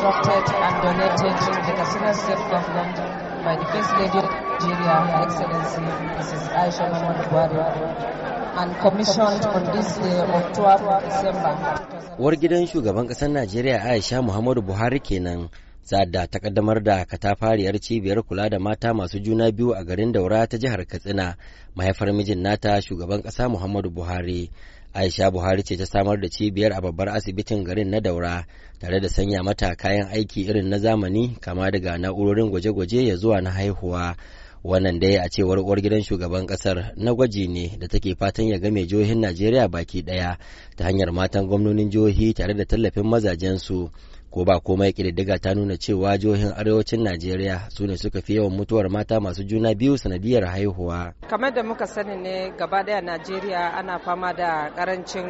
constructed and donated to the Casino State Government by the First Lady of Nigeria, Her Excellency Mrs. Aisha Mahmoud Buhari, and commissioned on this day of 12 December. Uwar gidan shugaban ƙasar Najeriya Aisha Muhammadu Buhari kenan da ta kaddamar da katafariyar cibiyar kula da mata masu juna biyu a garin daura ta jihar katsina mahaifar mijin nata shugaban ƙasa muhammadu buhari aisha buhari ce ta samar da cibiyar a babbar asibitin garin na daura tare da sanya mata kayan aiki irin na zamani kama daga na'urorin gwaje-gwaje ya zuwa na haihuwa wannan dai a cewar uwar gidan shugaban kasar na gwaji ne da take fatan ya ga game jihohin najeriya baki daya ta hanyar matan gwamnonin jihohi tare da tallafin mazajensu ko ba komai kididdiga ta nuna cewa jihohin arewacin najeriya su ne suka fi yawan mutuwar mata masu juna biyu sanadiyar haihuwa kamar da muka sani ne gaba daya najeriya ana fama da karancin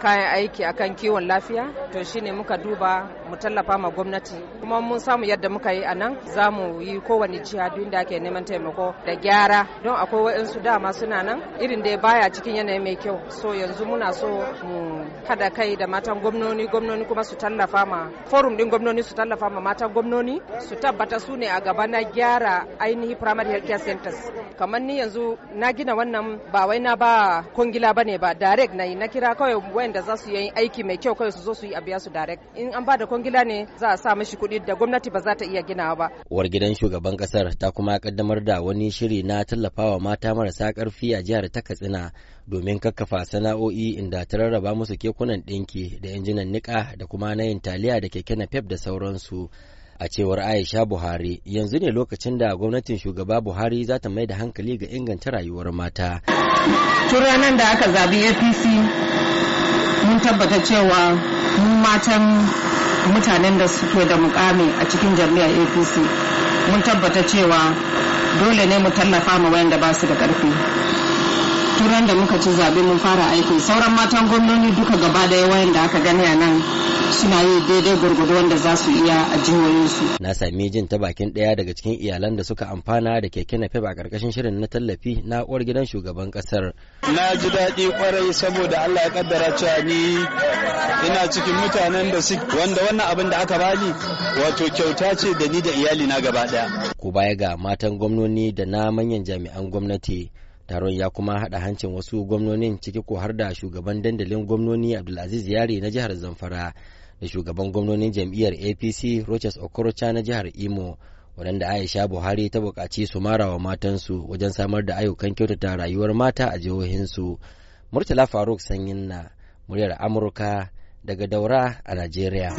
kayan aiki akan kiwon lafiya to shine muka duba mu tallafa ma gwamnati kuma mun samu yadda muka yi anan nan za mu yi kowane jiha duk da ake neman taimako da gyara don akwai wa'insu dama suna nan irin da baya cikin yanayi mai kyau so yanzu muna so mu kada kai da matan gwamnoni gwamnoni kuma su tallafa ma forum din gwamnoni su tallafa ma mata gwamnoni su tabbata su ne a gaba na gyara ainihi primary health care centers kamar ni yanzu na gina wannan ba wai na ba kungila ba ne ba direct na yi na kira kawai wayanda za su yi aiki mai kyau kawai su zo su yi a biya su direct in an ba da kungila ne za a sa mishi kuɗi da gwamnati ba za ta iya ginawa ba uwar gidan shugaban kasar ta kuma kaddamar da wani shiri na tallafawa mata marasa karfi a jihar ta katsina domin kakkafa sana'o'i inda ta rarraba musu kekunan ɗinki da injinan niƙa da kuma na yin taliya tafiya da keke napep da sauransu a cewar aisha buhari yanzu ne lokacin da gwamnatin shugaba buhari za ta mai da hankali ga inganta rayuwar mata tun ranar da aka zabi apc mun tabbata cewa mu matan mutanen da suke da mukami a cikin jami'ar apc mun tabbata cewa dole ne mu tallafa ma wayanda ba su da karfi tun ran da muka ci zaɓe mun fara aiki sauran matan gwamnoni duka gaba da yawa da aka gani a nan suna yi daidai gwargwado wanda za su iya a jihohinsu. Na sami jin ta bakin ɗaya daga cikin iyalan da suka amfana da keke na a ƙarƙashin shirin na tallafi na uwar gidan shugaban ƙasar. Na ji daɗi kwarai saboda Allah ya kaddara cewa ni ina cikin mutanen da su wanda wannan abin da aka bani wato kyauta ce da ni da iyalina na gaba ɗaya. Ko baya ga matan gwamnoni da na manyan jami'an gwamnati taron ya kuma haɗa hancin wasu gwamnonin ciki ko har da shugaban dandalin gwamnoni abdulaziz yare na jihar zamfara da shugaban gwamnonin jam'iyyar apc rochas okorocha na jihar imo wadanda aisha buhari ta buƙaci su mara wa matansu wajen samar da ayyukan kyautata rayuwar mata a jihohinsu murtala faruk sanyin na muryar amurka daga daura a najeriya